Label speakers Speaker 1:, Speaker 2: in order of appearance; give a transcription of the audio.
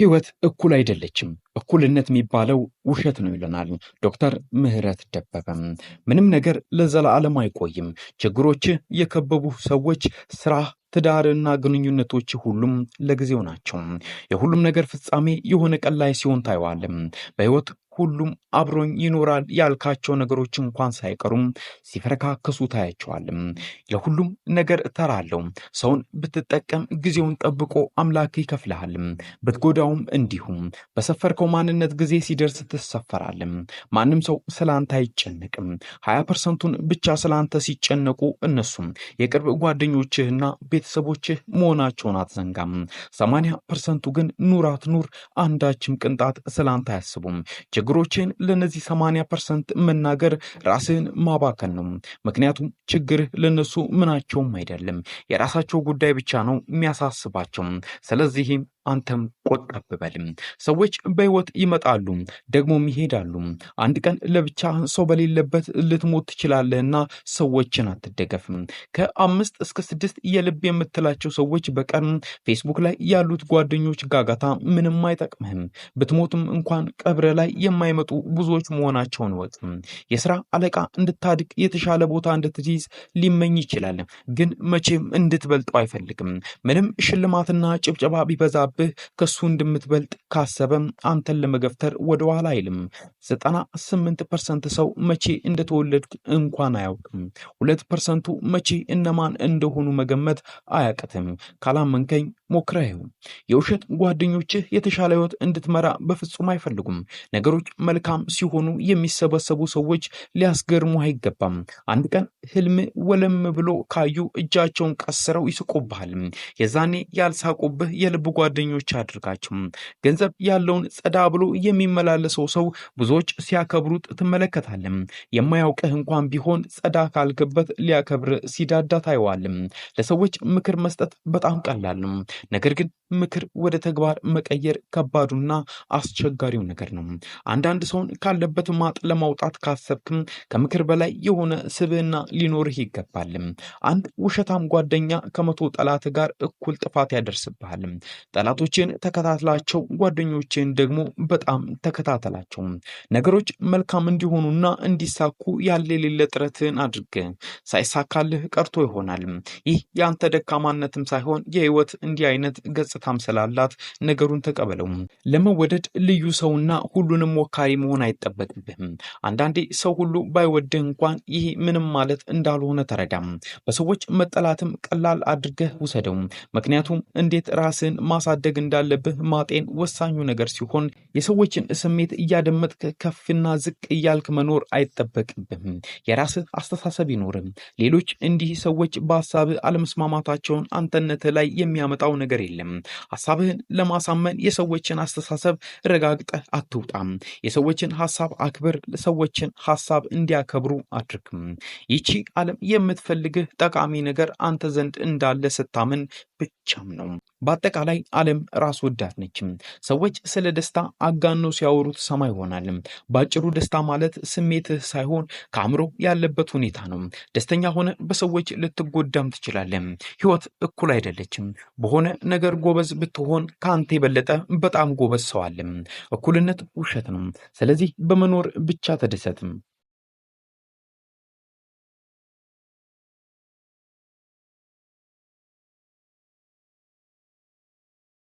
Speaker 1: ህይወት እኩል አይደለችም፣ እኩልነት የሚባለው ውሸት ነው ይለናል ዶክተር ምህረት ደበበም። ምንም ነገር ለዘላለም አይቆይም። ችግሮች የከበቡ ሰዎች ስራ ትዳርና ግንኙነቶች ሁሉም ለጊዜው ናቸው። የሁሉም ነገር ፍጻሜ የሆነ ቀን ላይ ሲሆን ታየዋለም። በህይወት ሁሉም አብሮኝ ይኖራል ያልካቸው ነገሮች እንኳን ሳይቀሩም ሲፈረካከሱ ታያቸዋልም። ለሁሉም ነገር ተራለው ሰውን ብትጠቀም ጊዜውን ጠብቆ አምላክ ይከፍልሃልም። ብትጎዳውም እንዲሁም በሰፈርከው ማንነት ጊዜ ሲደርስ ትሰፈራልም። ማንም ሰው ስላንተ አይጨነቅም። ሀያ ፐርሰንቱን ብቻ ስላንተ ሲጨነቁ እነሱም የቅርብ ጓደኞችህና ቤተሰቦችህ መሆናቸውን አትዘንጋም። ሰማንያ ፐርሰንቱ ግን ኑራት ኑር አንዳችም ቅንጣት ስላንተ አያስቡም። ችግሮችን ለነዚህ 80 ፐርሰንት መናገር ራስን ማባከን ነው። ምክንያቱም ችግር ለነሱ ምናቸውም አይደለም፣ የራሳቸው ጉዳይ ብቻ ነው የሚያሳስባቸው። ስለዚህም አንተም ቆጠብ በልም። ሰዎች በህይወት ይመጣሉ ደግሞም ይሄዳሉ። አንድ ቀን ለብቻ ሰው በሌለበት ልትሞት ትችላለህና ሰዎችን አትደገፍም። ከአምስት እስከ ስድስት የልብ የምትላቸው ሰዎች በቀን ፌስቡክ ላይ ያሉት ጓደኞች ጋጋታ ምንም አይጠቅምህም። ብትሞትም እንኳን ቀብረ ላይ የማይመጡ ብዙዎች መሆናቸውን ወቅ የስራ አለቃ እንድታድቅ የተሻለ ቦታ እንድትይዝ ሊመኝ ይችላል፣ ግን መቼም እንድትበልጠው አይፈልግም። ምንም ሽልማትና ጭብጨባ ቢበዛ ከመጣብህ ከሱ እንደምትበልጥ ካሰበም አንተን ለመገፍተር ወደ ኋላ አይልም። 98 ፐርሰንት ሰው መቼ እንደተወለድክ እንኳን አያውቅም። ሁለት ፐርሰንቱ መቼ እነማን እንደሆኑ መገመት አያቅትም። ካላመንከኝ ሞክራዩ የውሸት ጓደኞችህ የተሻለ ህይወት እንድትመራ በፍጹም አይፈልጉም። ነገሮች መልካም ሲሆኑ የሚሰበሰቡ ሰዎች ሊያስገርሙ አይገባም። አንድ ቀን ህልም ወለም ብሎ ካዩ እጃቸውን ቀስረው ይስቁብሃል። የዛኔ ያልሳቁብህ የልብ ጓደኞች አድርጋቸው። ገንዘብ ያለውን ጸዳ ብሎ የሚመላለሰው ሰው ብዙዎች ሲያከብሩት ትመለከታለም። የማያውቅህ እንኳን ቢሆን ጸዳ ካልገበት ሊያከብር ሲዳዳ ታይዋልም። ለሰዎች ምክር መስጠት በጣም ቀላል ነው። ነገር ግን ምክር ወደ ተግባር መቀየር ከባዱና አስቸጋሪው ነገር ነው። አንዳንድ ሰውን ካለበት ማጥ ለማውጣት ካሰብክም ከምክር በላይ የሆነ ስብዕና ሊኖርህ ይገባል። አንድ ውሸታም ጓደኛ ከመቶ ጠላት ጋር እኩል ጥፋት ያደርስብሃል። ጠላቶችን ተከታትላቸው፣ ጓደኞችን ደግሞ በጣም ተከታተላቸው። ነገሮች መልካም እንዲሆኑና እንዲሳኩ ያለ የሌለ ጥረትን አድርግ። ሳይሳካልህ ቀርቶ ይሆናል። ይህ የአንተ ደካማነትም ሳይሆን የህይወት እንዲያ አይነት ገጽታም ስላላት ነገሩን ተቀበለው። ለመወደድ ልዩ ሰውና ሁሉንም ሞካሪ መሆን አይጠበቅብህም። አንዳንዴ ሰው ሁሉ ባይወድህ እንኳን ይህ ምንም ማለት እንዳልሆነ ተረዳም። በሰዎች መጠላትም ቀላል አድርገህ ውሰደው። ምክንያቱም እንዴት ራስን ማሳደግ እንዳለብህ ማጤን ወሳኙ ነገር ሲሆን የሰዎችን ስሜት እያደመጥክ ከፍና ዝቅ እያልክ መኖር አይጠበቅብህም። የራስህ አስተሳሰብ ይኖርም። ሌሎች እንዲህ ሰዎች በሀሳብ አለመስማማታቸውን አንተነትህ ላይ የሚያመጣው ነገር የለም። ሀሳብህን ለማሳመን የሰዎችን አስተሳሰብ ረጋግጠህ አትውጣም። የሰዎችን ሀሳብ አክብር። ሰዎችን ሀሳብ እንዲያከብሩ አድርግም። ይቺ ዓለም የምትፈልግህ ጠቃሚ ነገር አንተ ዘንድ እንዳለ ስታምን ብቻም ነው። በአጠቃላይ ዓለም ራስ ወዳድ ነች። ሰዎች ስለ ደስታ አጋኖ ሲያወሩት ሰማ ይሆናል በአጭሩ ደስታ ማለት ስሜትህ ሳይሆን ከአእምሮ ያለበት ሁኔታ ነው። ደስተኛ ሆነ በሰዎች ልትጎዳም ትችላለ ህይወት እኩል አይደለችም። በሆነ ነገር ጎበዝ ብትሆን ከአንተ የበለጠ በጣም ጎበዝ ሰው እኩልነት ውሸት ነው። ስለዚህ በመኖር ብቻ ተደሰትም።